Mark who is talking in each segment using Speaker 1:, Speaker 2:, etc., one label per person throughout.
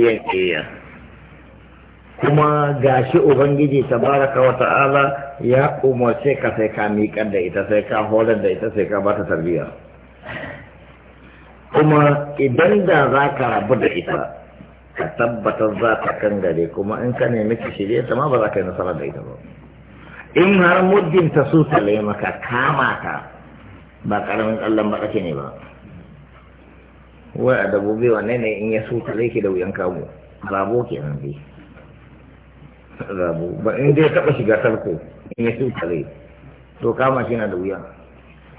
Speaker 1: iya iya kuma gashi ubangiji tabaraka wa ta'ala ya umarce ka sai ka miƙar da ita sai ka horar da ita sai ka bata tarbiyya kuma idan da za ka rabu da ita ka tabbatar za ta kan gare kuma in ka nemi ki shirye ta ma ba za ka yi nasara da ita ba in har muddin ta su ta maka kama ka ba karamin Allah ba ne ba wai a dabobi wannan ne in ya suta zai ke da wuyan kamu rabo ke nan dai rabo ba in dai taba shiga tarko in ya suta zai to kama shi na da wuya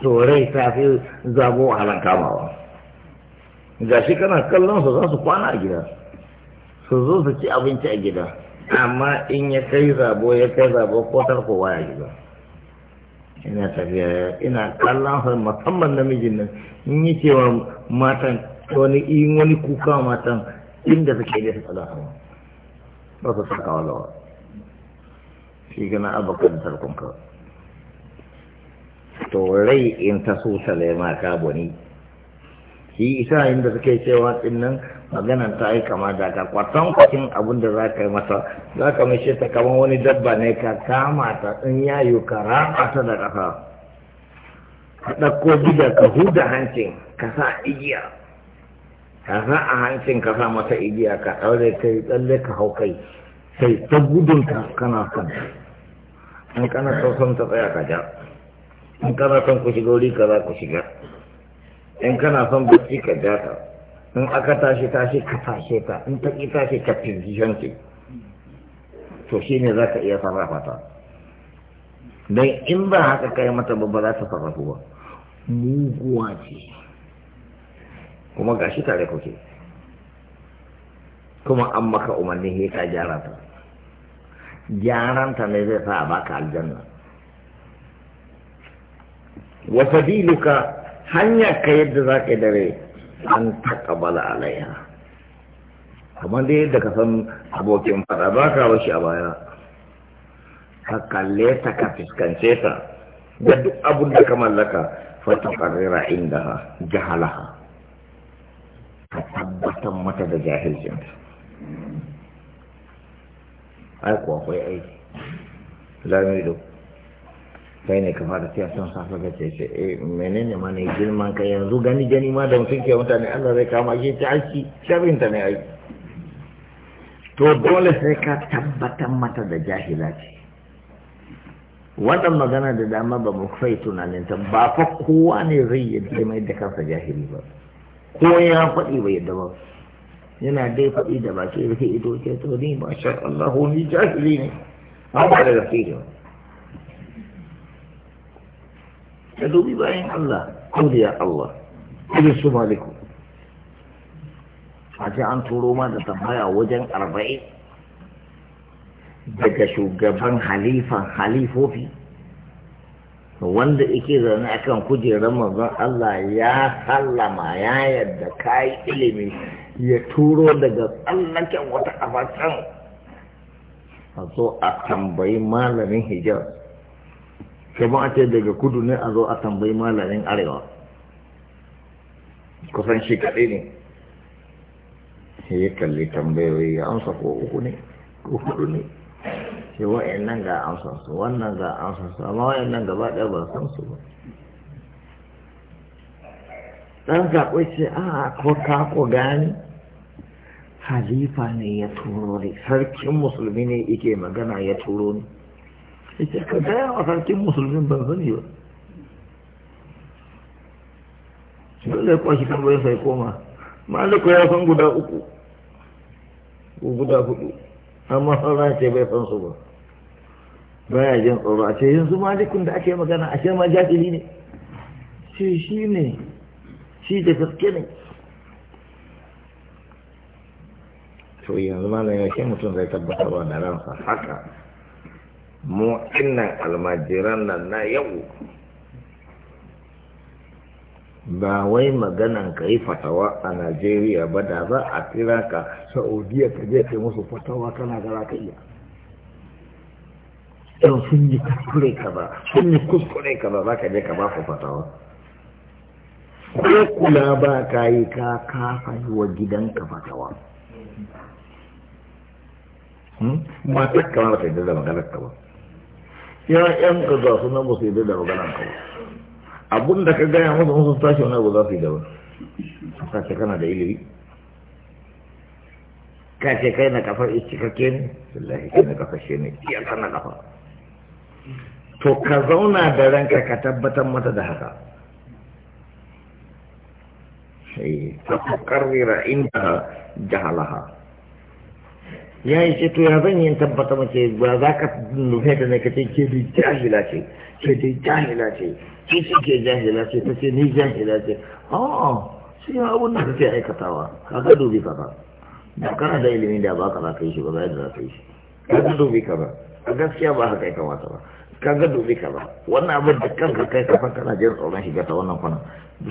Speaker 1: to rai ta fi zabo a halan kamawa ga shi kana kallon su za su kwana a gida su zo su ci abinci a gida amma in ya kai zabo ya kai zabo ko tarko waya gida ina tafiya ina kallon su musamman namijin nan in yi cewa matan wani in wani kuka matan inda suke da su tsada ba su saka walawa shi gana abokan ka to rai in ta so lema ka boni shi isa inda suke cewa nan maganan ta yi kama da ka kwatan kwatin abin da za ka yi masa za ka mai ta kamar wani dabba ne ka kama ta in yayo kara rama ta da ƙasa ka ɗauko gida ka huda hancin ka sa igiya ka san a hancin ka sa mata igiya ka ɗaure kai tsalle ka hau kai sai ta gudun ka kana son. in kana son ta tsaya ka ja in kana son ku shiga wuri ka za ku shiga in kana son bacci ka ja ta in aka tashi tashi ka tashe ta in ta ƙi tashi ka fiye ce to shi ne za ka iya sarrafa ta don in ba haka kai mata babba za ta sarrafu ba muguwa ce kuma gashi tare kuke kuma an maka umarni sai ka gyara ta gyaran ne zai sa a baka aljanna wa fadiluka hanya ka yadda za ka dare an takabala alaiha kamar dai yadda ka san abokin fada ba ka bashi a baya ka kalle ta ka fuskance ta da duk abin da ka mallaka fata karrira inda jahalaha ka tabbatar mata da jahilcinta ai kuwa kwai aiki lamido kai ne ka fara tiya son safa ga ce ce eh menene ma ne girman kai yanzu gani gani ma da mutum ke mutane Allah zai kama shi ta aiki sharrin ta ne aiki to dole sai ka tabbatar mata da jahila ce wannan magana da dama ba mu fai tunanin ta ba fa kowa ne zai yi mai da kansa jahili ba ko ya faɗi bai yadda ba yana dai faɗi da baki da ke ido ce to ni ba sha Allah ni jahili ne an ba da gaske ne ka dubi bayan Allah auliya Allah irin su maliku a ce an turo ma da tambaya wajen arba'in daga shugaban halifan halifofi wanda yake zaune kan kujerar manzon Allah ya sallama ya yadda yi ilimi ya turo daga tsallaken wata abacin a zo a tambayi malamin hijar kuma a ce daga kudu ne a zo a tambayi malamin arewa kusan shi kaɗai ne ya kalli tambayoyi ya amsa ko uku ne ko hudu ne sai wa'in nan ga amsansu wannan ga amsansu amma wa'in nan gaba ɗaya ba san su ba ɗan zaɓo ce a ko ka ko gani halifa ne ya turo ne sarkin musulmi ne yake magana ya turo ne ita ka gaya wa sarkin musulmin ban sani ba dole kwashi tambayar sai koma maliku ya san guda uku ko guda hudu amma sauran ce bai san su ba baya jin tsoro a ce yanzu malikun da ake magana a ma jahili ne shi shi ne shi da gaske ne to yanzu da yake mutum zai tabbatarwa da ransa haka mu innan almajiran nan na yau ba wai maganan ka yi fatawa a najeriya ba da za a kira ka sa'udiya ka je ka musu fatawa kana gara ka iya yan sun yi kuskure ka ba sun yi kuskure ka ba za ka je ka ba ku fatawa ko kula ba ka yi ka kafa yi wa gidanka fatawa hmm? matakka ma ba ta yi da maganar ka ba yawan yan ka za su musu yi da maganar ka ba abun da ka gaya musu musu tashi wani abu za su yi gaba ka ce kana da ilimi ka ce kai na kafar cikakke ne wallahi kai na kafar shi ne iya kana kafa to ka zauna da ranka ka tabbatar mata da haka sai ta kokarira inda jahalaha ya yi ce to ya zan yi tabbata mace ba za ka nufe da na kace ke dai jahila ce ke dai jahila ce ke ce ke jahila ce ta ce ni jahila ce a'a shi ya abun da kake aikatawa ka ga dubi ka ba da kana da ilimin da ba ka za ka yi shi ba za ka yi shi ka ga dubi ka ba a gaskiya ba haka ya kamata ba ga dubi kaza. wannan abin da kanka kai kafan kana jin tsoron shiga ta wannan kwana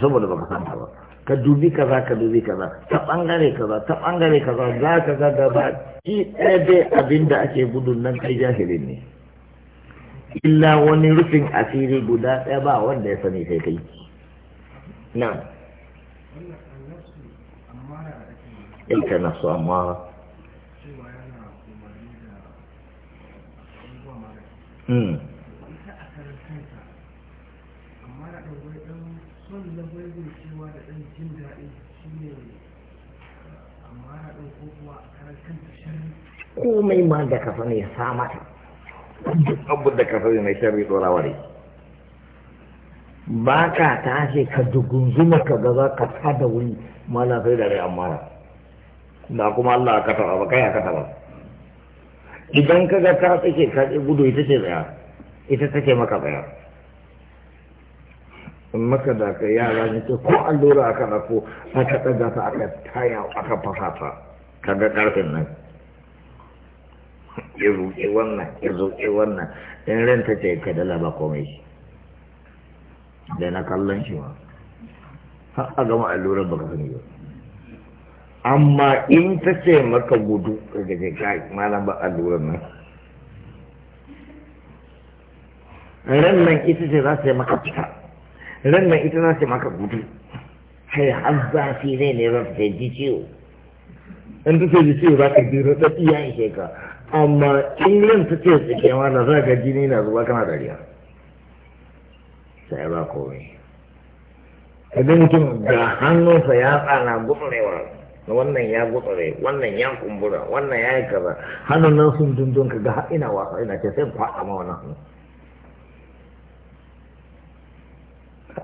Speaker 1: saboda baka san ta ba ka dubi kaza ka dubi kaza ta bangare kaza ta bangare kaza za ka ga gaba ki ɗaya dai abin da ake gudun nan kai jahilin ne illa wani rufin asiri guda ɗaya ba wanda ya sani kai kai na ilka su amma Mm. cewa da komai ma da kafa ne ya sa mata da mai ba ka tashi ka dugunzuma ka ga za ka wuri mana sai da rai amara da kuma Allah ka taɓa ba kai ka taɓa idan ka ga ka tsake ka gudu ita ce tsaya ita take maka tsaya in maka da ka yara ne ta ko allura aka ɗauko aka ɗaga ta aka taya aka fasa ta kaga ƙarfin nan ya zuke wannan ya zuke wannan in ranta ce ka dala ba komai da na kallon shi ma har a gama allurar baka sani ba amma in ta ce maka gudu daga ce kai malam ba allurar nan ran nan ita ce za ta yi maka fita ran mai ita za maka gudu sai har fi zai ne ba ta ji ciwo in ta ce ji ciwo za ka jiro raɗaɗi ya in ka amma in ran ta ce tsike ma na za ka jini na zuba kana dariya sai ba komai idan mutum da hannunsa ya tsana gutsurewa wannan ya gutsure wannan ya kumbura wannan ya yi kaza hannun nan sun dundun ka ga ina wasa ina ce sai faɗa ma wannan hannun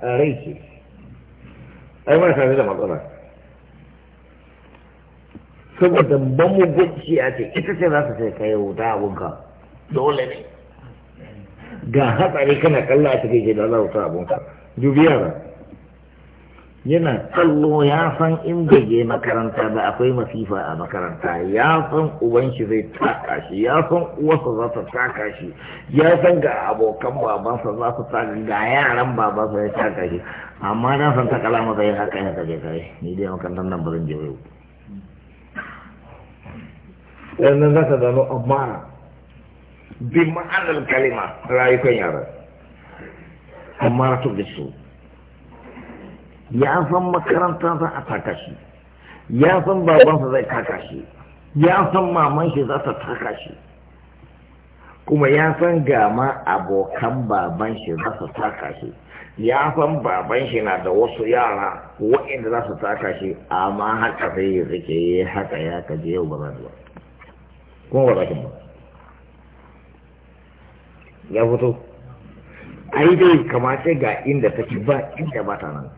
Speaker 1: rai ce ai ma sami da matsala saboda ban mu gwanci a ce ita ce za ta sai kai wuta abunka dole ne ga hatsari kana kalla a cikin gidan za wuta abunka dubiya ba yana kallo ya san in bai je makaranta ba akwai masifa a makaranta ya san uban shi zai taka shi ya san uwarsa za ta taka shi ya san ga abokan babansa za su taka ga yaran babansa ya taka shi amma na san takala masa yin haka ya kaje kai ni dai makarantar nan ba zan je yau yanzu za ka zano amma bi ma'anar kalima rayukan yaran amma rasu da su ya san makarantar za a taka shi ya san babansa zai taka shi ya san maman shi za ta taka shi kuma ya san gama abokan baban shi za su taka shi ya san baban shi na da wasu yara waɗanda za su taka shi amma haka sai ya yi haka ya kaje yau ba za ba kuma ba za ba ya fito ai dai kamata ga inda take ba inda ba ta nan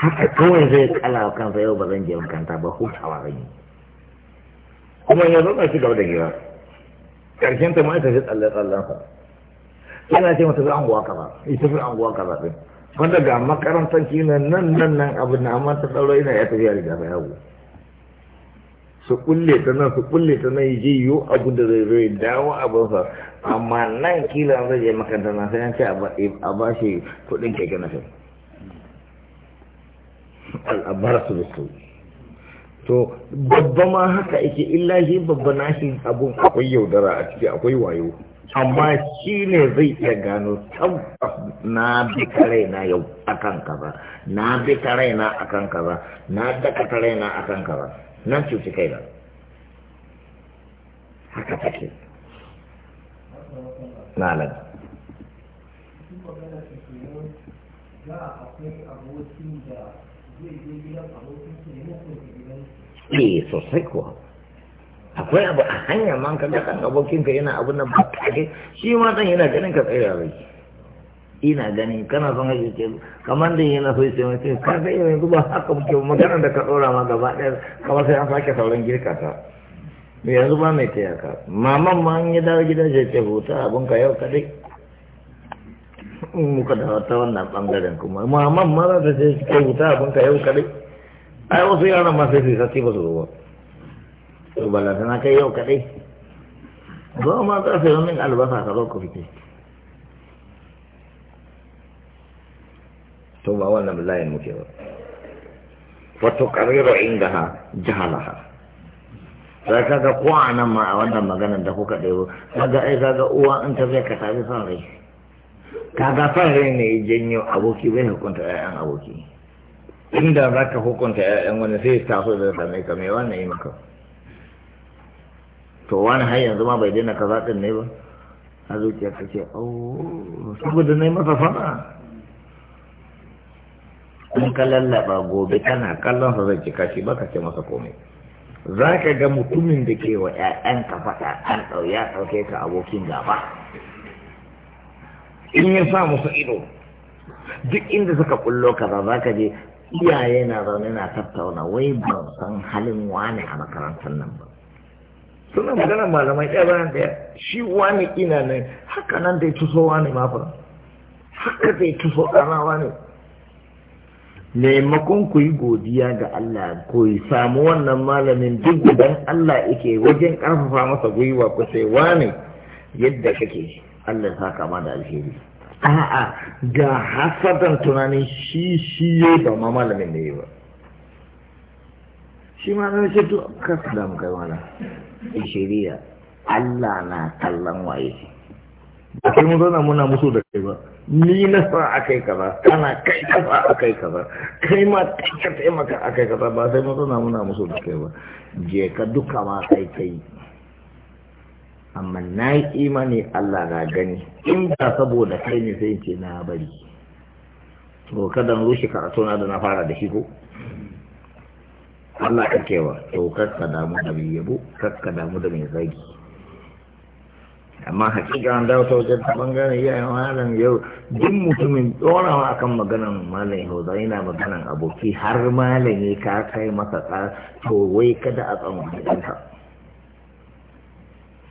Speaker 1: haka kawai zai kala kansa yau ba zan je makaranta ba hutawa zan yi kuma ya zo shi gaba da gira karshen ta ma'aikata ita tsalle tsallen sa yana ce mata anguwa kaza ita eh, fi anguwa kaza din wanda ga makarantar shi na nan nan nan abu na amma ta tsaro ina ya tafiya da gaba yawo su kulle ta nan su kulle ta nan yi yiwu abu da zai zai dawo sa amma nan kila zai je makaranta na sai an ce a ba shi kuɗin keke na shi al'abarsu da su to babba ma haka ake illa shi babba nashi abun akwai yaudara a ciki akwai wayo amma shi ne zai iya gano tabbas na bi kare raina yau kan kaza na bi raina a kan kaza na daka raina a kan kaza nan cuci kai da haka take na nan akwai abokin da eh sosai kuwa akwai abu a hanyar man ka ga abokin ka yana abin nan ba tare shi ma dan yana ganin ka tsaya rai ina gani kana son haje ce kamar da yana so sai mutum ka ga yanzu ba haka muke magana da ka tsora ma gaba ɗaya kamar sai an sake sauran girka ta yanzu ba mai taya ka maman ma an yi dawo gida ce ce huta ka yau kadai in muka da ta wannan bangaren kuma mamman ma za ta ce ka wuta abin ka yau kadai ai wasu yaran ma sai su sati ba su ruwa to balanta tana kai yau kadai zo ma za su yi min albasa ka zo ku fice to ba wannan layin muke ba wato kariro inda ha jahalaha sai kaga ko anan ma a wannan maganar da kuka ɗebo kaga ai kaga uwa in ta zai ka tafi son rai kaga fara ne janyo aboki bai hukunta ƴaƴan aboki inda za ka hukunta ƴaƴan wani sai ta so da same ka mai wannan yi maka to wani har yanzu ma bai daina kaza din ne ba a zuciya ta ce oh saboda na yi masa fara in ka lallaba gobe kana kallon sa zai cika shi ka ce masa komai za ka ga mutumin da ke wa ka faɗa an ɗau ya ɗauke ka abokin gaba in ya sa musu ido duk inda suka kullo kaza za ka je iyaye na zaune na tattauna wai ba san halin wane a makarantar nan ba suna magana malamai ɗaya bayan ɗaya shi wani ina ne haka nan dai tuso wani ma fa haka dai tuso ɗana wani maimakon ku yi godiya ga Allah ku samu wannan malamin duk gudan Allah yake wajen ƙarfafa masa gwiwa ku sai wani yadda kake Allah ta kama da alheri a'a ga hasadan tunanin shi shi ya ba ma malamin yi ba shi ma na ce to ka da mu kai wala shari'a Allah na kallon waye ba sai mun zauna muna musu da kai ba ni na sa kai kaza kana kai ka sa kai kaza kai ma ka taimaka a kai kaza ba sai mun zauna muna musu da kai ba je ka duka ma kai kai amma na yi imani Allah na gani in ba saboda kai ne sai ce na bari to kada na rushe karatu na da na fara da shi ko Allah ka kewa to kakka damu da mai yabo kakka damu da mai zagi amma hakika an dawo ta wajen ta bangaren yayin malam yau duk mutumin dorawa akan maganan malam yau zai na maganan aboki har malam ya ka kai masa to wai kada a tsanwa gidanka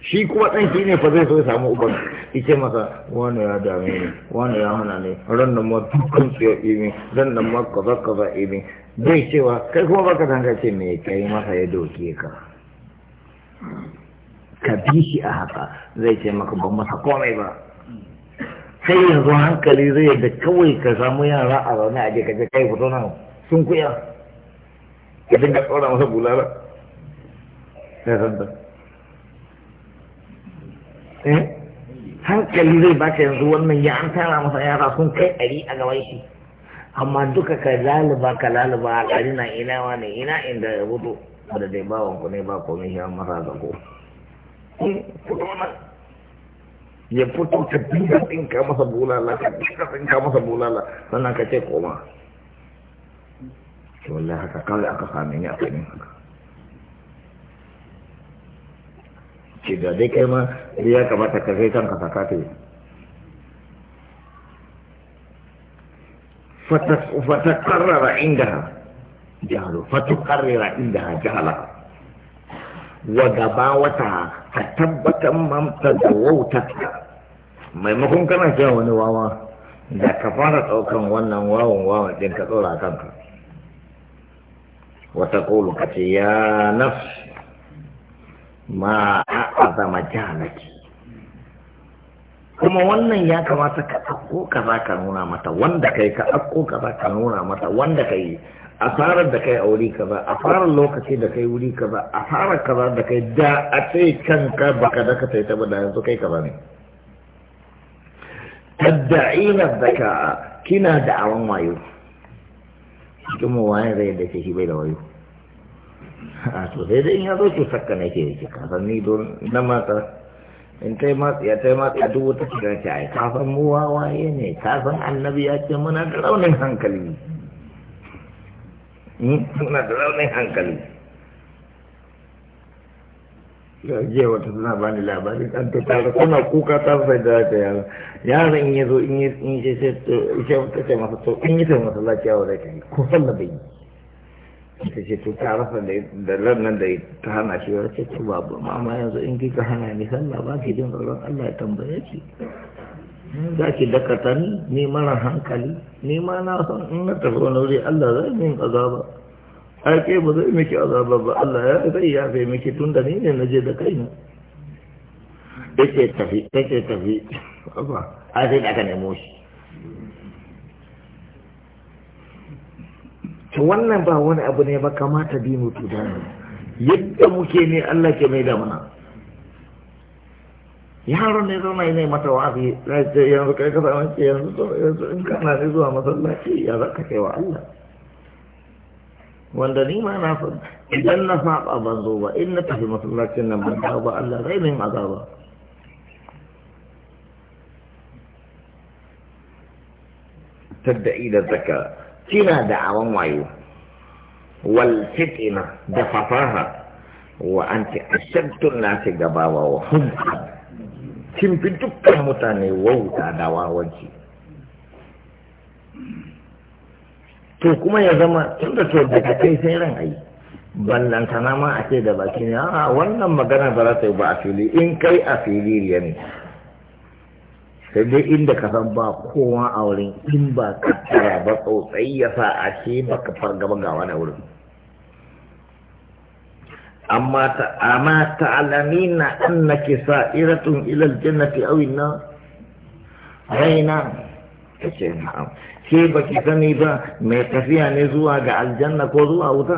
Speaker 1: shi kuma ɗan shi ne fa zai so ya samu uban ce masa wani ya dame ni wani ya hana ni ran nan ma dukkan su ya ɗi ran nan ma kaza kaza ɗi zai cewa kai kuma baka san ka ce me kai masa ya doke ka ka bi shi a haka zai ce maka ban masa komai ba sai yanzu hankali zai da kawai ka samu yara a zaune a je ka je kai fito nan sun kuya ka dinga tsora masa bulala ya san Eh? hankali zai baka yanzu wannan ya an tara masa yara sun kai ɗari a gaban shi amma duka ka laluba ka laluba a ɗari na ina wani ina inda ya gudu da dai bawan ku ne ba komai shi an masa eh, zago ya fito ka dinga tsinka masa bulala ka dinga tsinka masa bulala sannan ka ce koma wallahi haka kawai aka same ni a kanin haka ce da dai kai ma ya kamata ka kai kanka saka ta yi فتقرر عندها جهله فتقرر wata جهلها tabbatar mamta da wauta maimakon kana cewa wani wawa da ka fara ɗaukan wannan wawan wawan ɗin ka tsora kanka wata ƙolo ka ce ya nafs ma a zama janaki kuma wannan ya kamata ka ɗauko ka za ka nuna mata wanda kai ka ɗauko ka za ka nuna mata wanda kai asarar da kai a wuri kaza asarar lokaci da kai wuri kaza asarar kaza da kai da a ce kanka baka daka ka sai ta da yanzu kai kaza ne tadda'ina zaka kina da awan wayo cikin mu waye zai da shi bai da wayo a ah, to sai dai in ya zo sakka ka ke yake kasan ni don na mata in kai yi ya kai yi ya duk ta shiga ce ai kasan mu wawaye ne kasan annabi ya ce muna da raunin hankali hmm? muna da raunin hankali jiya wata suna ba ni labari kan ta tara kuna kuka ta sai da ta Ya yaran in ya zo in yi sai ta ce masa to in yi sai masa lafiya wa da ke ko sallah bai yi ta ce to ta rasa da nan da ta hana shi wa ce ce babu mama yanzu in kika hana ni sallah ba ki jin tsoron Allah ya tambaye ki za ki dakata ni ni mara hankali ni ma na san in na tafi wani wuri Allah zai min azaba ai ke ba zai miki azaba ba Allah ya zai ya fi miki tun da ni ne na je da kaina yake tafi yake tafi ba a sai da aka nemo shi to wannan ba wani abu ne ba kamata dinu tudani yadda muke ne Allah ke mai da mana yaron ne zama ne mata wa'azi zai ce yanzu kai ka zama ce yanzu to yanzu in kana ne zuwa masallaci ya za ka kai wa Allah wanda ni ma na san idan na saba ban zo ba in na tafi masallacin nan ban dawo ba Allah zai min azaba tadda'i da zakka kina da awan wayo wal fitina da fafaha wa anti na nasi gabawa wa hunka kin fi dukkan mutane wauta da wawanci to kuma ya zama tun da to daga kai sai ran ayi ballantana ma a ce da baki ne a wannan magana ba za ta yi ba a fili in kai a fili ne sai dai inda ka san ba kowa a wurin in ba ka tara ba tsotsai ya sa a ce ba ka fargaba ga wani wurin amma ta amma ta'lamina annaki sa'iratun ila aljannati aw inna raina kace ma'am ke ki sani ba mai tafiya ne zuwa ga aljanna ko zuwa wuta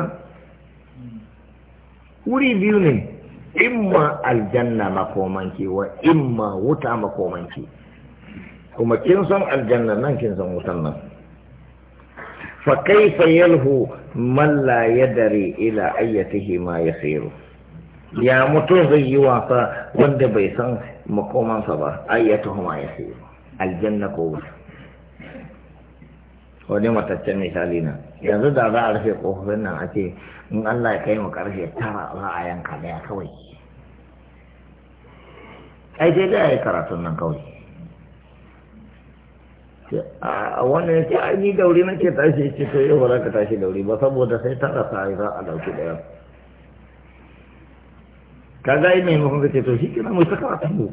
Speaker 1: wuri biyu ne imma aljanna makomanki wa imma wuta makomanki kuma kin san aljanna nan kin san wutan nan fa kaifa yalhu man la yadri ila ayyatihi ma yasiru ya mutum zai yi wasa wanda bai san makomansa ba ayyatihi ma yasiru aljanna ko wuta wani mataccen misali na yanzu da za a rufe kofofin nan a ce in Allah ya kai mu karfe tara za a yanka daya kawai ai dai da ya yi karatun nan kawai a wannan yake ce yi ni dauri nake tashi ce to yau ba za ka tashi dauri ba saboda sai ta rasa ai za a dauki daya ka ga mai mafi ka ce to shi kina mu ta karatu mu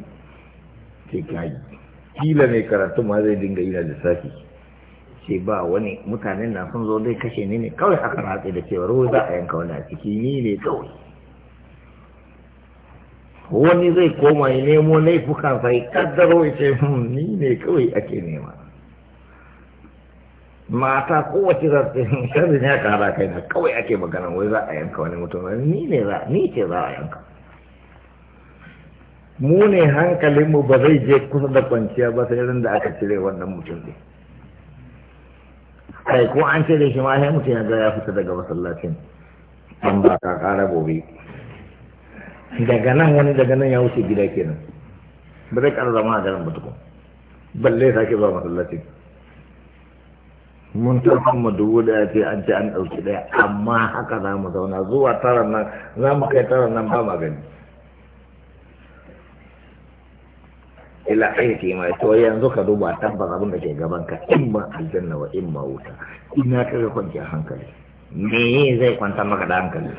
Speaker 1: ke kai kila mai karatu ma zai dinga yi na lissafi ce ba wani mutanen na sun zo dai kashe ne ne kawai aka ratse da cewa ruwa za a yanka wani a ciki ni ne kawai wani zai koma ya nemo laifukan sai kaddaro ya ce hmm, ni ne kawai ake nema mata kowace za ta shirin ya kara kai na kawai ake magana wai za a yanka wani mutum ni ne za ni ce za a yanka mu ne hankalinmu ba zai je kusa da kwanciya ba sai irin da aka cire wannan mutum ne kai ko an da shi ma sai mutum ya ga ya fita daga masallacin an ba ka kara gobe daga nan wani daga nan ya wuce gida kenan ba zai kara zama a garin ba tukun balle sake ba masallacin mun ta kuma dubu da ya ce an ce an ɗauki ɗaya amma haka za mu zauna zuwa tara nan za mu kai tara nan ba magani ila aiki mai to yanzu ka duba tabbas abin da ke gaban ka in ma aljanna wa in ma wuta ina ka ga kwanciyar hankali me zai kwanta maka da hankali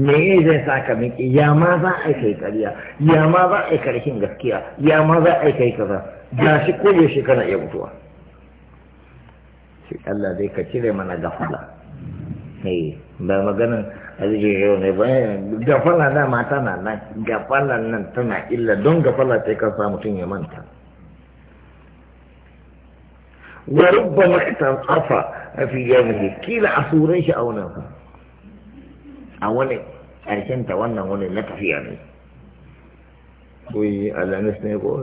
Speaker 1: me zai sa ka miki ya ma za a yi kai ƙarya ya ma za a kai karshen gaskiya ya ma za a yi kai kaza ga shi ko yaushe kana iya mutuwa shi Allah zai ka cire mana gafala eh ba maganin azumi yau ne ba gafala na mata na nan gafala nan tana illa don gafala sai ka sa mutum ya manta wa rubba rubbama itanqafa fi yawmihi kila asuran shi auna a wani karshen ta wannan wani na tafiya ne ko yi alamis ne ko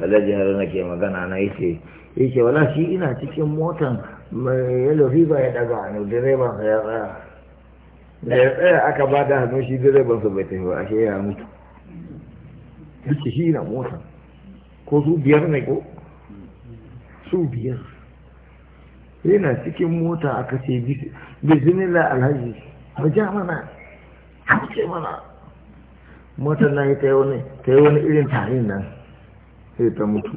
Speaker 1: alhaji na ke magana na yace ya ce wala shi ina cikin motan mai yalo riba ya daga hannu direban sa ya tsaya da ya tsaya aka ba da hannu shi direban sa bai tafi ba ashe ya mutu duk shi ina motan ko su biyar ne ko su biyar yana cikin mota aka ce bizinila alhaji ba ja mana kauce mana motan na yi ta yi wani irin tarin nan sai ta mutu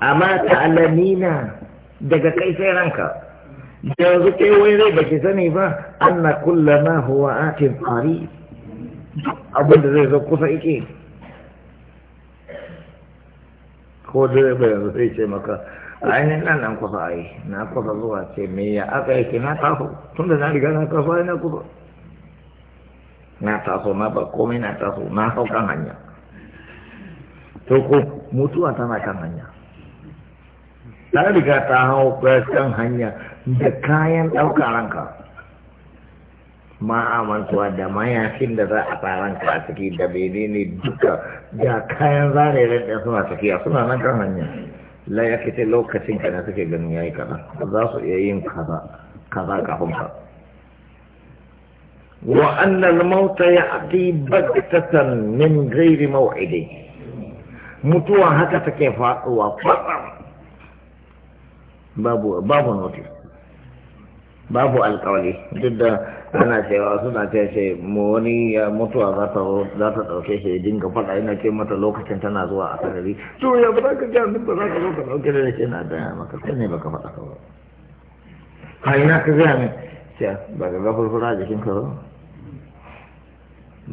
Speaker 1: amma ta'alamina daga kai sai ranka yanzu kai wai zai baki sani ba anna ma huwa atin qari abin da zai zo kusa yake ko dai bai yanzu sai ce maka ainihin nan nan kusa ai na kusa zuwa ce me ya aka yake na taso tunda na riga na taso na kusa na taso na ba komai na taso na hau kan hanya to ko mutuwa tana kan hanya na riga ta hau kan hanya da kayan ɗauka ranka ma amantuwa da mayafin da za a ranka a ciki da bene ne duka da kayan zareren ɗan suna a suna nan kan hanya la ya lokacin ka na suke ganin yayi kaza za su iya yin kaza kaza kafin ka wa annal mauta ya'ti bagtatan min ghairi maw'idi mutuwa haka take faɗuwa fatsam babu babu notice babu alkawali duk da ana cewa suna ce ce mu wani ya mutuwa za ta za ta dauke shi ya dinga faɗa ina ce mata lokacin tana zuwa a sarari to ya ba za ka ga duk ba za ka zo ka ɗauke da ce na da maka sai ne baka faɗa ka ba ha ina ka gaya ne ce ba ka ga furfura jikin ka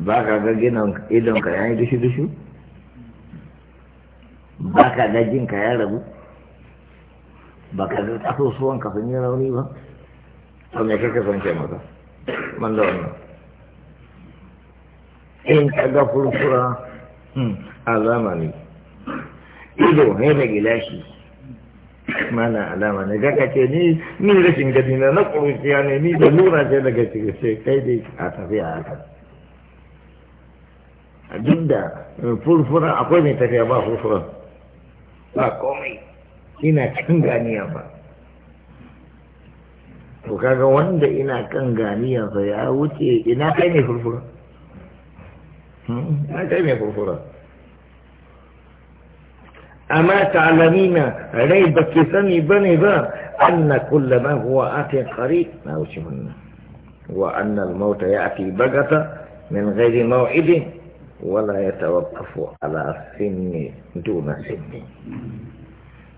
Speaker 1: ba ka ga ginin idon ka yi dushi dushi ba ka ga jin ka ya rabu ba ka ga kasusuwan ka sun yi rauni ba to me kake son ke mata man da wannan in ka ga furfura hmm, a zamani ido ne da gilashi mana alama ne daga ce ni ni rashin gani na na kuruciya ne ni da lura ce daga cikin sai kai dai a tafiya haka duk da eh, furfura akwai mai tafiya ba furfura ba komai ina kan ganiya ba to kaga wanda ina kan ganiya ba ya wuce ina kai ne furfura ina kai ne furfura amma ta'lamina rai ba ki sani bane ba anna kullu ma huwa ati qarib ma wuce wannan wa anna al-maut ya'ti bagata min ghairi maw'idin ولا يتوقف على سن دون سن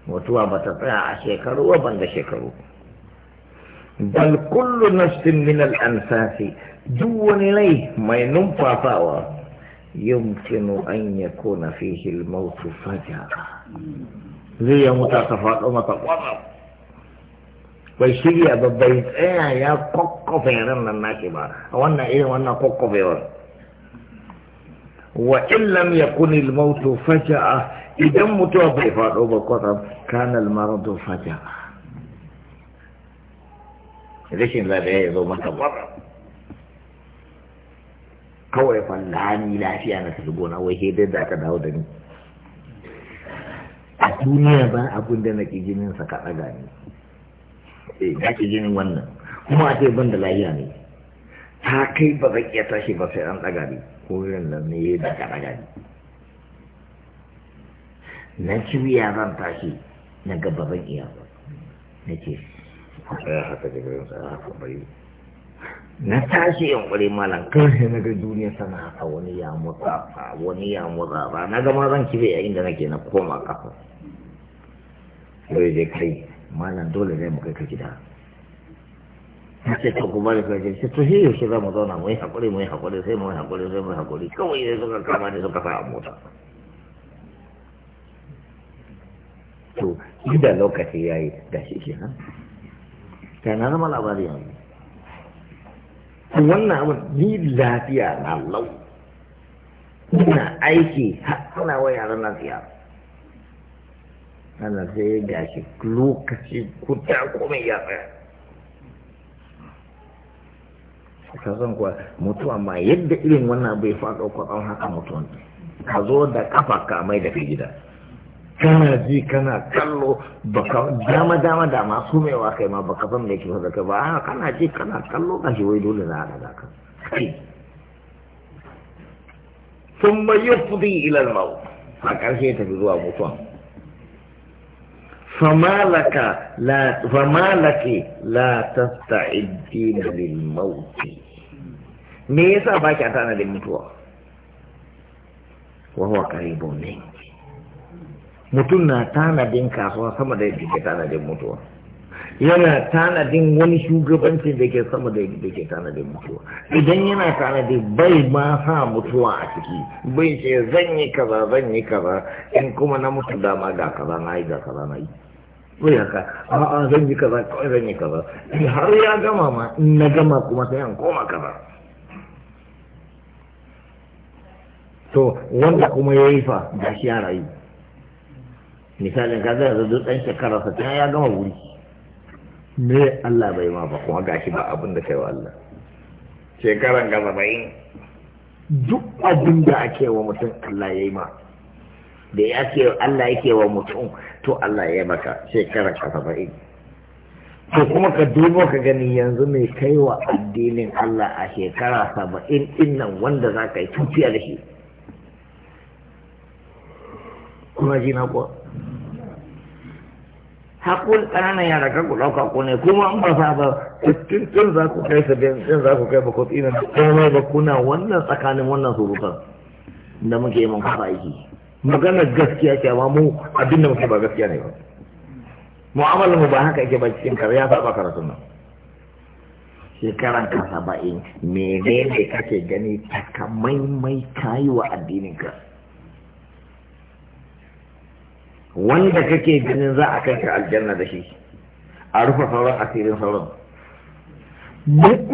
Speaker 1: mutuwa ba ta tsaya a shekaru wa ban da shekaru bal kullu nafsin min al ansasi duk wani rai mai numfasawa yumkinu an yakuna fihi al maut faja'a zai ya mutu ta faɗo mata kwatsam bai shirya ba bai tsaya ya kokkofe ran nan naki ba a wannan irin wannan kokkofewar wa illam yakun al maut faja'a idan mutuwa bai faɗo ba kwatsam kanal maradu faja rashin lafiya ya zo mata kwatsam kawai fallani lafiya na tafi gona wai ke da aka dawo da ni a duniya ba abin da na ƙi jinin sa kaɗa ɗaga ni eh na ki jinin wannan kuma a ce ban da lafiya ne ta kai ba zai iya tashi ba sai an ɗaga ne. ko irin nan ne da ka ɗaga ne. na ci wuya tashi na gaba zan iya ba na ce tsaya haka da haka na tashi yan kwari malam karshe na ga duniya sana haka wani ya mutsa A wani ya mutsa A na gama zan kibe yayin da nake na koma kafa sai dai kai malam dole zai mu kai ka gida na ce to kuma da kai ce to shi yaushe za mu zauna mu yi haƙuri mu yi haƙuri, sai mu yi haƙuri sai mu yi haƙuri kawai zai zuka kama ne suka sa a mota inda lokaci ya yi da shi ke nan ta na zama labari yanzu wannan abin ni lafiya na lau ina aiki ana wa yaran lafiya ana sai ga shi lokaci kuta komai ya tsaya ka san kuwa mutuwa ma yadda irin wannan bai faɗa kwaɗon haka mutuwan ka zo da kafa kamai da da gida kana ji kana kallo baka dama dama da masu mai wa kai ma baka san me ke faɗa ba a kana ji kana kallo ka shi wai dole na a ka sun mai yufudi ila al mau a ƙarshe tafi zuwa mutuwa famalaka la famalaki la tasta'iddina lil maut me yasa baki a tana da mutuwa wa huwa qaribun minka mutum na tanadin kasuwa sama da yadda ke tanadin mutuwa yana tanadin wani shugabancin da ke sama da yadda ke tanadin mutuwa idan yana tanadi bai ma sa mutuwa a ciki bai ce zan yi kaza zan yi kaza in kuma na mutu dama ga kaza na yi ga kaza na yi bai haka a'a zan yi kaza kawai zan yi kaza har ya gama ma in na gama kuma sai an koma kaza to wanda kuma ya yi fa shi ya rayu misalin ka zai zai dan shekara sa ya gama wuri me Allah bai ma ba kuma gashi ba abin da kai wa Allah shekaran gaba bai duk abin da ake wa mutum Allah ya yi ma da ya ke Allah yake wa mutum to Allah ya maka shekaran ka bai to kuma ka dubo ka gani yanzu mai kai wa addinin Allah a shekara saba'in din nan wanda za ka yi tufiya da shi kuma ji na kuwa hakul kanana ya kan ku ɗauka ko ne kuma an ba sa ba cikin tun za ku kai sabin tun za ku kai ba ku tsina kuma ba kuna wannan tsakanin wannan surutan da muke yi mun kafa aiki magana gaskiya ke amma mu abin da muke ba gaskiya ne ba mu'amalar mu ba haka yake ba cikin kare ya saba karatun nan shekaran ka saba'in menene kake gani takamaimai kayi wa addinin ka wanda kake ganin za a kai ka aljanna da shi a rufe sauran asirin sauran duk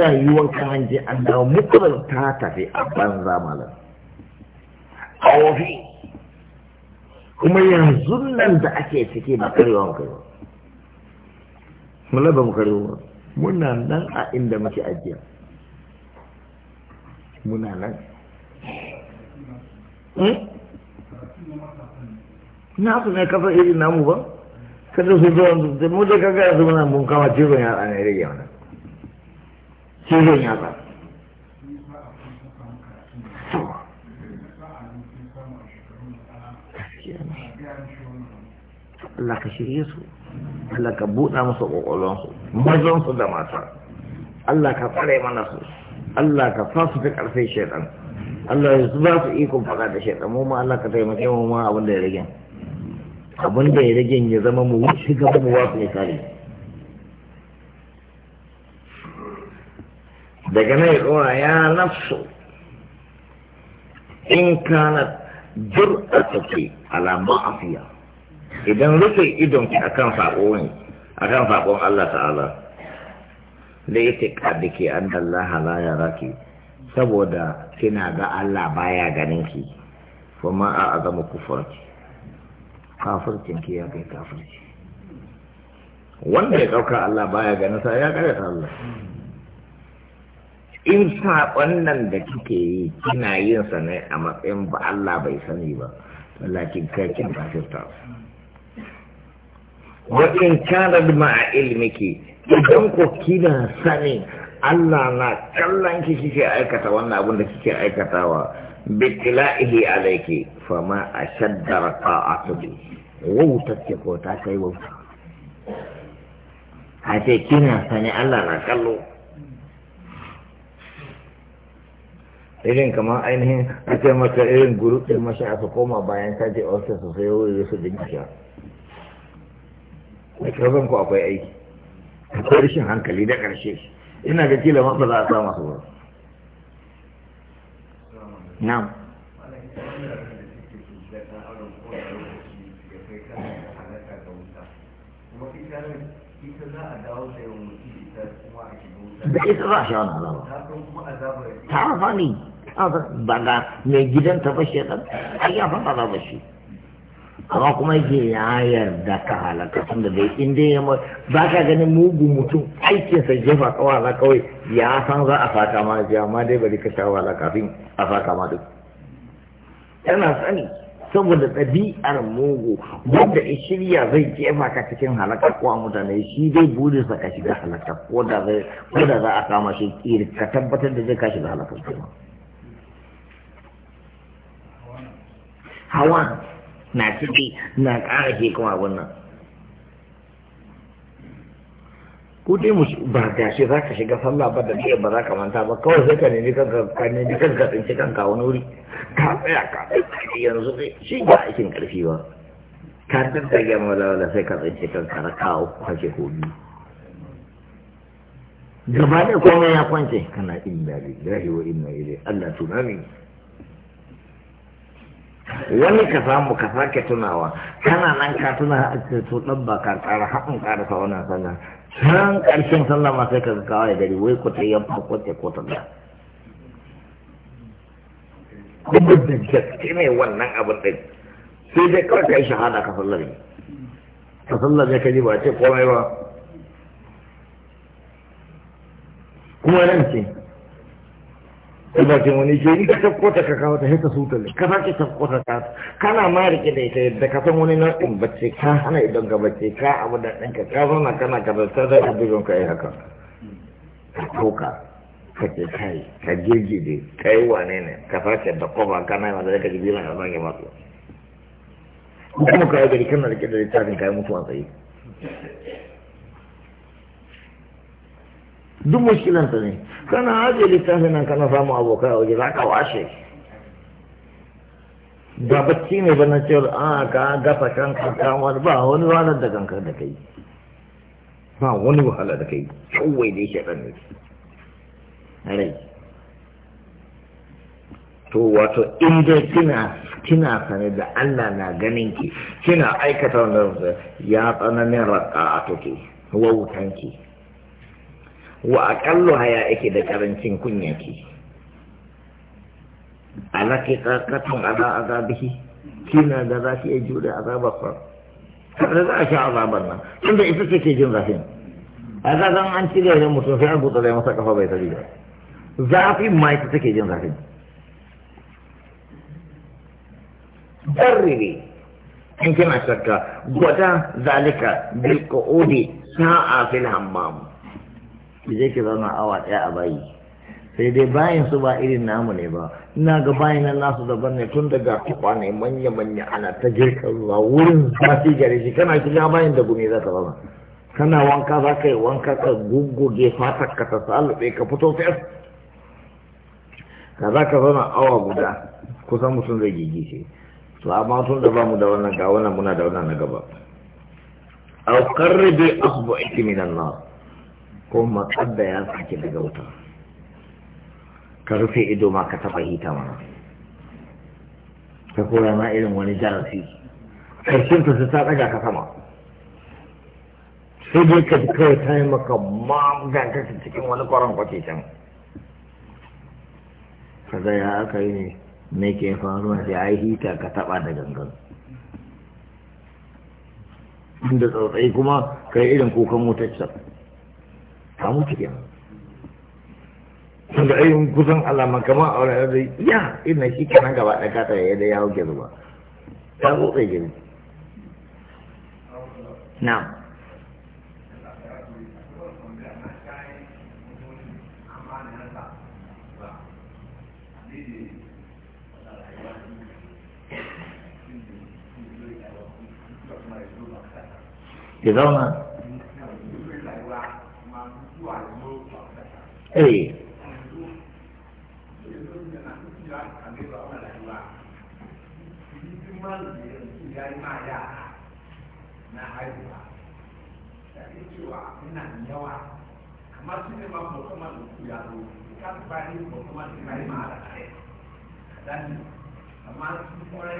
Speaker 1: rayuwar ka hanji an dawo mutuwar ta tafi a banza malam a wafi kuma yanzu nan da ake ciki ba karewa mu karewa mula ba mu karewa muna nan a inda muke ajiya muna nan hmm? na su ne kasa irin namu ba kada su zuwa da mu da kaga yanzu muna mun kama cizon yatsa ne rage mana cizon yatsa Allah ka shirye su Allah ka buɗa musu ƙwaƙwalonsu mazansu da mata Allah ka tsare mana su Allah ka sa su fi ƙarfin shaidan Allah ya su ba su ikon faɗa da shaidan mu ma Allah ka taimake mu ma abin da ya rage abin da ya rage ya zama mu wuce gaba mu wasu misali daga nan ya tsora ya nafsu in a jur'atuki ala afiya idan rufe idon ki akan sako ne akan sakon Allah ta'ala da yake kadike an Allah la saboda kina ga Allah baya ganin ki kuma a azamu kufarki kafircin ke ya kai kafirci wanda ya ɗauka Allah baya ganin nasa ya karyata Allah in sa nan da kike yi kina yin sa ne a matsayin ba Allah bai sani ba lakin kai kin kafirta wa in kana ma'a ilmiki idan ko kina sani Allah na kallon ki kike aikata wannan abun da kike aikatawa bitilaihi alayki fama ashadda raqa'atuki wauta ce ko ta kai wauta a ce kina sani Allah na kallo irin kamar ainihin a ce maka irin guru ɗin mashi a su koma bayan ta je ofis su sai wuri su bincika da ƙarfin ku akwai aiki akwai rashin hankali da ƙarshe ina ga kila masu ba za a samu masu wurin na'am da ita za a sha wani azaba ta fani ba ga mai gidan ta bashe ɗan ai ya za ba shi amma kuma yake ya yarda ka halaka tunda bai in dai ya ba ka ganin mugu mutum sa jefa kawala kawai ya san za a faka ma ji amma dai bari ka sha wala kafin a faka ma duk yana sani saboda ɗabi'ar mugu wanda ya shirya zai jefa ka cikin halaka ko a mutane shi dai burinsa ka shiga halaka ko da za a kama shi kiri ka tabbatar da zai ka shiga halaka hawa na ciki na ƙara ke kuma wannan. ko dai mu ba shi za ka shiga sallah ba da ɗaya ba za ka manta ba kawai sai ka nemi kanka ka nemi kanka tsinci kanka wani wuri ka tsaya ka tsaya yanzu shi ba aikin ƙarfi ba ka mala wala sai ka tsinci kanka ka kawo ko hobi gaba da komai ya kwance kana inna lillahi wa inna ilaihi Allah tunani wani ka samu ka sake tunawa kana nan ka tuna a cikin su ɗan ba ka tsara haɗin ƙarasa wannan sallah can ƙarshen sallah ma sai ka ga kawai gari wai ku ta yamma ko ta ko ta da kuma da gaske ne wannan abin din sai dai kawai ka yi shahada ka sallar ne ka sallar ne ka ji ba ce komai ba kuma nan ce da bakin wani ke in ka tafko ta ka kawo ta sai ta sutale ka sake tafko ta ka kana ma rike da ita yadda ka san wani nau'in bacci ka hana idan ka bacci ka abu da ɗanka ka zauna kana ka da ta zai abin ka yi haka ka toka ka ke kai ka girgide ka yi wane ne ka sake da kofa kana ma da ka girgide ka zage masu kuma ka yi gari kana rike da littafin ka yi mutuwa sai duk mushkilan ta ne kana ajiye littafin nan kana samu abokai a waje za ka washe ga bacci ne ba na cewar a ka gafa kanka kamar ba wani wahala da kanka da kai ba wani wahala da kai kawai dai shaɗan ne rai to wato in dai kina kina sane da Allah na ganin ki kina aikata wannan ya tsananin raka a toke wautanki wa aƙallu haya yake da ƙarancin kunya kunyaki alaƙi ƙaƙatun ala azabihi shi na da za su iya jure azabar sa kada za a sha azabar nan da ita ce ke jin zafin a zazan an ci da ne mutum sai an gutsura masa kafa bai sani ba zafin ma ita take jin zafin jarrire in kina shakka gwada zalika bilko qu'udi sa'a fil hammamu ki je ki zauna awa ɗaya a bayi sai dai bayan su ba irin namu ne ba ina ga bayan nan nasu daban ne tun daga tukwa ne manya manya ana ta girka ruwa wurin zafi gare shi kana shiga bayan da gumi za ka zama kana wanka za ka yi wanka ka gugguge fatar ka ta salube ka fito fes ka za ka zauna awa guda kusan mutum zai gigice to amma tun da bamu da wannan ga wannan muna da wannan na gaba au qarribi asbu'iki minan nar ko da ya sake daga wuta ka rufe ido ma ka taba hita mana ta koya ma irin wani jarasi, karshen ta ta daga ka sama sai dai ka ji kawai ta yi maka cikin wani kwaron kwace can zai ya aka yi ne me ke faruwa sai yi hita ka taba da gangan inda tsautsai kuma kai irin kukan wutar ta mutu kenan tunda ai kusan alama kama a wani zai ya ina shi kenan gaba ɗaya kata ya da ya hauke zuba ta tsotse gini na ki zauna eh na haihuwa da ke cewa ina yawa amma shi ne ma kuma da ku ya zo ka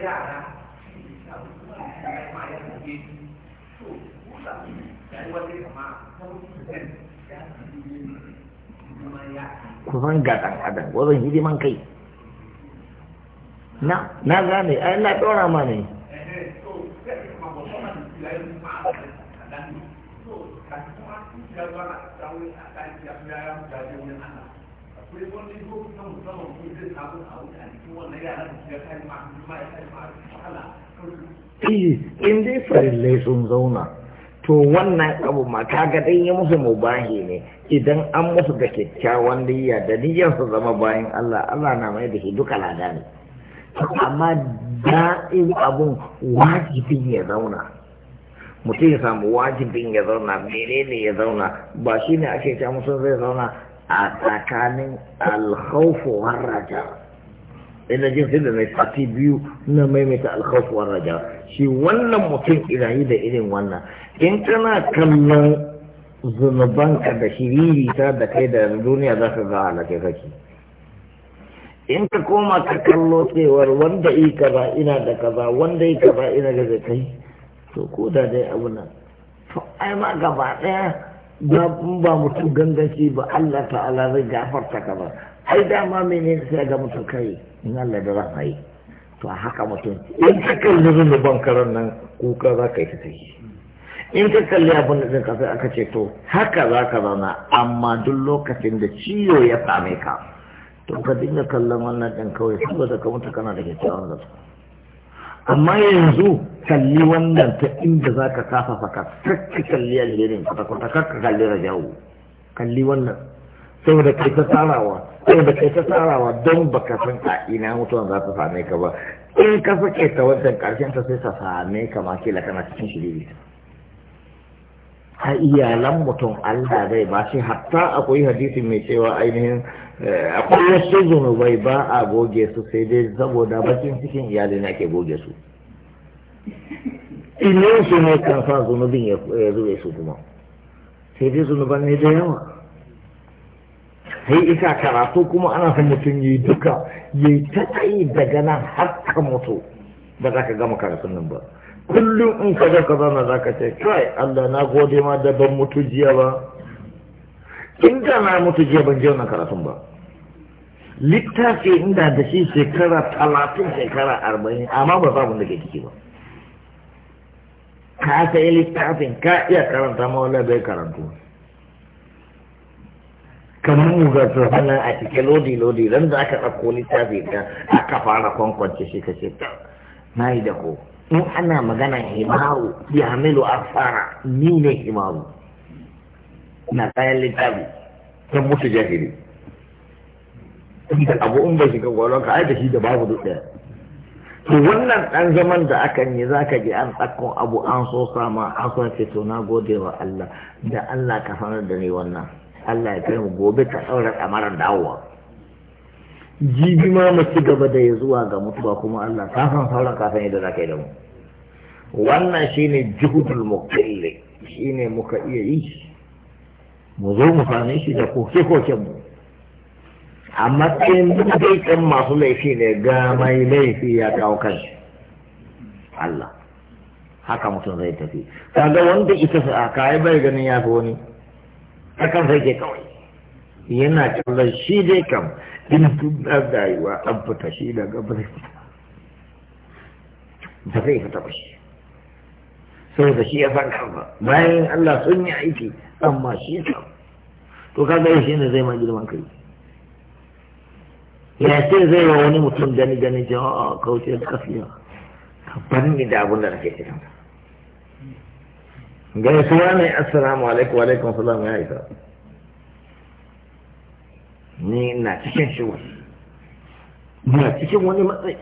Speaker 1: yara shi ta ma ya ta ta kusan ga ɗan adam wajen hidiman kai na na gane a na ɗora ma ne eh, in dai farillai sun zauna to wannan abu mata ga dai ya musu mubahi ne idan an musu da kyakkyawan niyya da niyyar su zama bayan Allah Allah na mai da shi duka lada ne amma da'in abun wajibin ya zauna mutum ya samu wajibin ya zauna menene ya zauna ba shi ne ake ta musu zai zauna a tsakanin alkhawfu war raja ina jin sai da mai sati biyu na maimaita alkhawf war raja shi wannan mutum ina yi da irin wannan in kana kallon zunubanka da shiriri ta da kai da duniya za ka ga halake kake in ka koma ka kallo cewar wanda yi kaza ina da kaza wanda yi kaza ina da kai to ko da dai abu nan to ai ma gaba daya ba mutum ganganci ba Allah ta'ala zai gafarta ka ba ai dama mene sai ga mutum kai in Allah da ran ai to haka mutum in ka kalli zunuban karan nan kuka za ka yi ta yi in ka kalli abin da ka sai aka ce to haka za ka zauna amma duk lokacin da ciwo ya same ka to ka dinga kallon wannan ɗan kawai saboda ka mutu kana da kyakkyawan gaskiya amma yanzu kalli wannan ta inda za ka kafa ka kakka kalli alherin ta kwata kakka kalli rajawu kalli wannan saboda kai ta tsarawa saboda kai ta tsarawa don baka san a ina mutuwan za ta same ka ba in ka sake ta wancan karshen ta sai ta same ka ma kila kana cikin shiriri a iyalan mutum Allah zai ba shi hatta akwai hadisi mai cewa ainihin Eh, akwai wasu zunubai ba a goge su sai dai saboda bakin cikin iyali na ke goge su ina su ne kan sa zunubin ya zube su kuma sai dai zunuban ne da yawa sai isa karatu kuma ana son mutum yi duka ya yi ta tsayi daga nan har ka mutu ba za ka gama karatun nan ba kullum in ka ga ka zana za ka ce kai allah na gode ma da ban mutu jiya ba in da na mutu jiya ban je wannan karatun ba littafi inda da shi shekara talatin shekara arba'in amma ba samun da ke ciki ba ka sayi littafin ka iya karanta mawala bai karantu kamar mu ga a cikin lodi-lodi ran da aka ɗauko littafi ta aka fara kwankwance shi ka ce na yi da ko in ana magana himaru ya milu fara. ni ne himaru na kayan littafi kan mutu jahiri da abu in bai shiga gwalon ka aika shi da babu duk ɗaya to wannan ɗan zaman da aka yi za ka ji an tsakkon abu an so sama an so ce to na gode wa Allah da Allah ka sanar da ni wannan Allah ya kai mu gobe ka ɗaura tsamarar dawowa jibi ma mu ci gaba da ya zuwa ga mutuwa kuma Allah ka san sauran ka san yadda za ka yi da mu wannan shine juhudul muqilli shine muka iya yi mu zo mu same shi da koke-koken mu a matsayin dukkan masu laifi ne ga mai laifi ya kawo kanshi Allah haka mutum zai tafi kaga wanda ita sa kayi bai ganin ya fi wani hakan sai ke kawai yana kallon shi dai kam ina tunar da rayuwa an fita shi daga ba zai fita ba zai fita ba shi saboda shi ya san kansa bayan Allah sun yi aiki amma shi ya samu to kaga shi ne zai ma girman kai ya ce zai wa wani mutum gani gani a kauce da kafiya ka bar ni da abin da nake cikin gaisuwa ne assalamu alaikum wa alaikum salam ya isa ni na cikin shi wani na cikin wani matsayi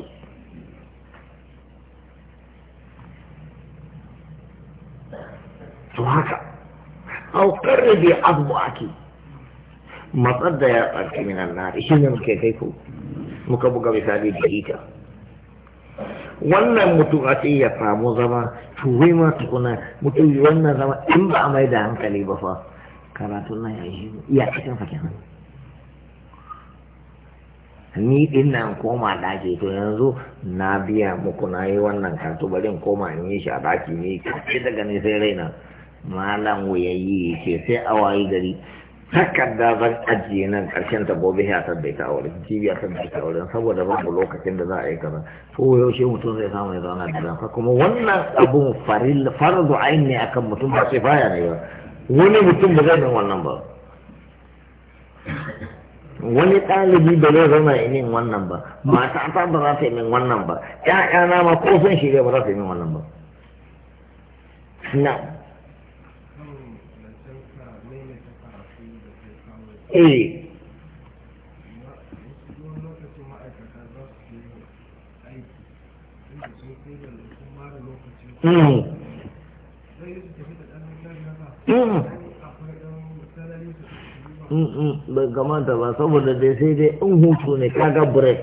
Speaker 1: to haka haukar da bai abu ake matsar da ya tsarki minan na shi ne muke kai ku muka buga misali da ita wannan mutum a ce ya samu zama turai ma tukuna mutum wannan zama in ba a mai da hankali ba fa karatun na ya yi iya cikin fakin hannu ni din nan koma daji to yanzu na biya muku na yi wannan karatu bari koma in yi shi a daki ne ce daga ne sai raina malam wuyayyi ke sai a wayi gari takarda zan ajiye nan karshen ta gobe ya tabbai ta wurin cibiya san bai ta wurin saboda mu lokacin da za a yi kaza to yaushe mutum zai samu ya zauna da ransa kuma wannan abun faril fardu aini akan mutum ba sai baya ne ba wani mutum ba zai bin wannan ba wani ɗalibi ba zai zama ya min wannan ba mata ta ba za ta yi min wannan ba ƴaƴana ma ko sun shirya ba za ta yi min wannan ba na eh hmm. Hmm. Hmm, bai kamata ba saboda dai sai dai in hutu ne kaga break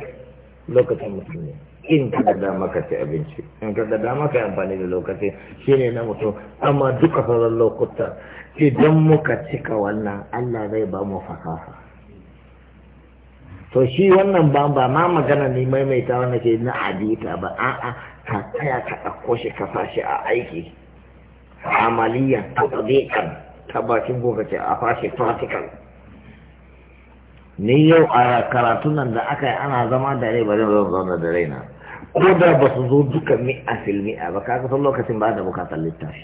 Speaker 1: lokacin mutum ne in ka da dama ka ci abinci in ka da dama ka yi amfani da lokaci shine na mutum amma duka sauran lokuta idan muka cika wannan Allah zai ba mu fasaha to shi wannan ba ba ma magana ne maimaita wannan ke na adita ba a'a ka tsaya ka ɗauko shi ka fashi a aiki amaliya ta ta bakin gobe ce a fashi practical ni yau a karatu nan da aka yi ana zama da rai ba zan zauna da raina ko da ba su zo duka mi'a fil mi'a ba ka san lokacin ba da bukatar littafi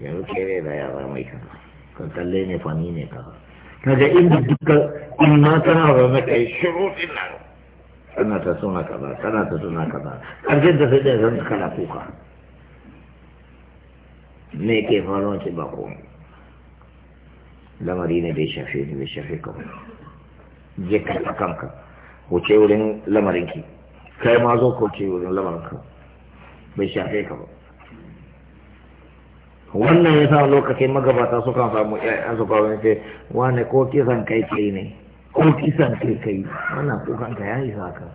Speaker 1: yanzu ke ne da yara yi kama, kan kalle ne fani ne kaza kaga inda duka in ma tana zaune kai shiru nan kana ta suna kaza kana ta suna kaza ƙarshen ta sai da zan kana kuka me ke faruwa ce ba komai lamari ne bai shafe ni bai shafe ka je ka ta kanka wuce wurin lamarin ki kai ma zo ko ce wurin lamarin ka bai shafe ka ba wannan ya sa lokacin magabata sukan samu ƴaƴan su kawai ce wane ko kisan kai kai ne ko kisan kai kai wannan kukan ka ya isa ka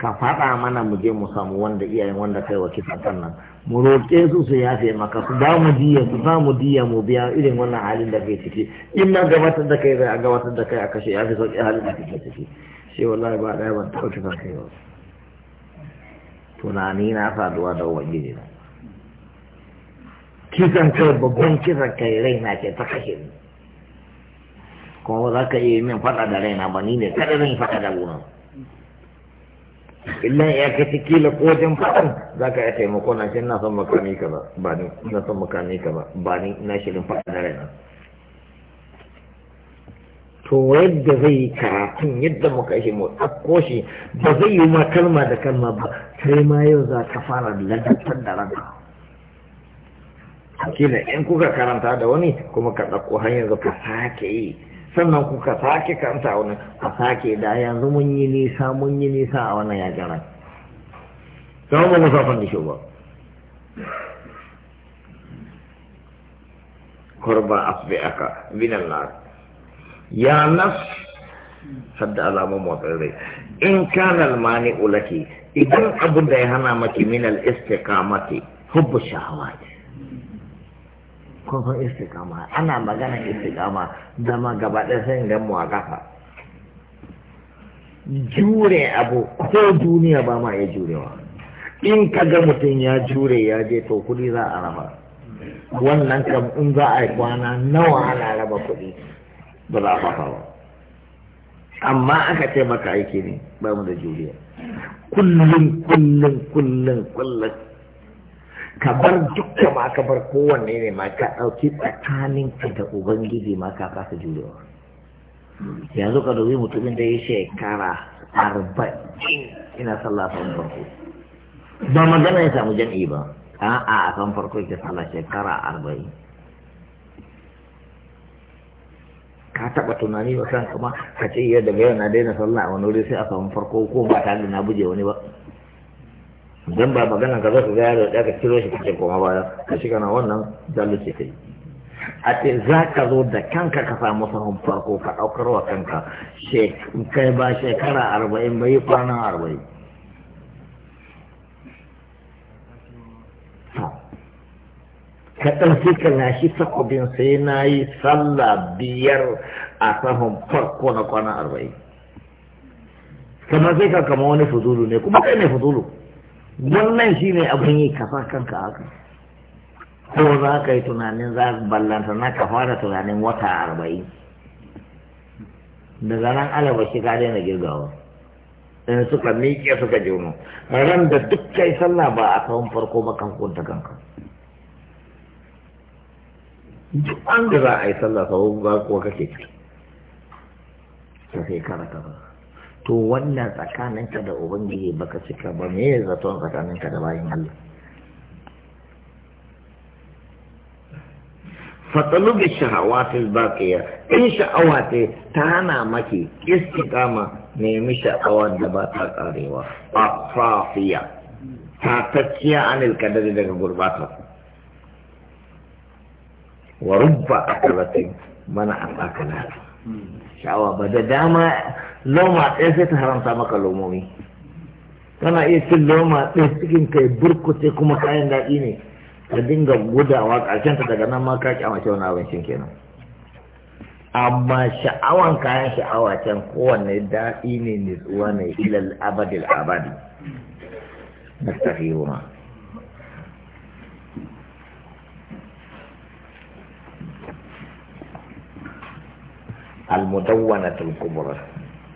Speaker 1: ka faɗa mana mu je mu samu wanda iyayen wanda kai wa kisan kan nan mu roƙe su su yafe maka su ba mu diya su ba mu diya mu biya irin wannan halin da kai ciki in na gabatar da kai a gabatar da kai a kashe ya fi sauƙi halin da kai ciki sai wallahi ba ɗaya ban taɓa tuka kai ba tunani na faduwa da ubangiji na kisan kai babban kisan kai na ke ta kashe ni kuma ba za ka iya min faɗa da rai na ba ni ne kaɗai zan faɗa da gunan illa ya ka ci kila ko wajen faɗan za ka iya taimako na shi na son makami ka ba ba ni na son makami ka ba ni na shirin fadan na raina to yadda zai yi karatun yadda muka shi mu ɗauko shi ba zai yi ma kalma da kalma ba sai ma yau za ka fara lantarkar da ranka kila in kuka karanta da wani kuma ka ɗauko hanyar ka sake yi sannan kuka sake kanta wani a sake da yanzu mun yi nisa mun yi nisa a wannan ya jara zama ba musafan da shi ba kurba asbi aka binan nar ya nas hadda alamun motsin rai in kana almani ulaki idan abin da ya hana maki min al istiqamati hubbu shahawat kun san istiqama ana magana istiqama zama gaba ɗaya sai ga mu a kafa jure abu ko duniya ba ma ya jurewa in ka ga mutum ya jure ya je to kuɗi za a raba wannan kam in za a yi kwana nawa ana raba kuɗi ba za a fafa amma aka ce maka aiki ne ba mu da juriya kullum kullum kullum kullum ka bar dukka ma ka bar kowanne ne ma ka ɗauki tsakanin ka da ubangiji ma ka kasa jurewa yanzu ka dubi mutumin da ya shekara arba'in ina sallah san farko ba magana ya samu jan'i ba a'a a san farko ke sallah shekara arba'in ka taɓa tunani ba kan kuma ka ce iya daga yau na daina sallah a wani wuri sai a samu farko ko ba tare da na buje wani ba dan ba magana ka zaka ga yaro da ka kiro shi kake koma baya ka shiga na wannan zalunci kai a ce za ka zo da kanka ka samu sahun farko ka daukar wa kanka kai ba shekara arba'in bai kwana arba'in ka ɗauki ka shi sakobin sai na yi sallah biyar a sahun farko na kwana arba'in kamar sai ka kama wani fuzulu ne kuma kai ne fuzulu wannan shi ne abin yi kafa kanka haka ko za ka yi tunanin za ballanta na ka fara tunanin wata arba'in daga nan alaba shi ka daina girgawa in suka miƙe suka jono ran da duk kai sallah ba a kawon farko ba kan kunta kanka duk an da za a yi sallah sau ba kuwa kake ciki sai kara kafa to wannan tsakaninka da ubangiji baka cika ba me ya zaton tsakaninka da bayan Allah fatsalubi shahawatul baqiya in sha'awa ce ta hana maki istiqama nemi sha'awa da ba ta karewa afafiya ta tacciya anil kadari daga gurbata wa rubba akalatin mana asakala hmm. sha'awa ba da dama loma ɗaya sai ta haramta maka lomomi kana iya cin loma ɗaya cikin kai burkute kuma kayan daɗi ne ka dinga gudawa ƙarshen ta daga nan ma ka kyamace wani abincin kenan amma sha'awan kayan sha'awa can kowanne daɗi ne tsuwa ne ilal abadil abadi na al-mudawwanatul kubra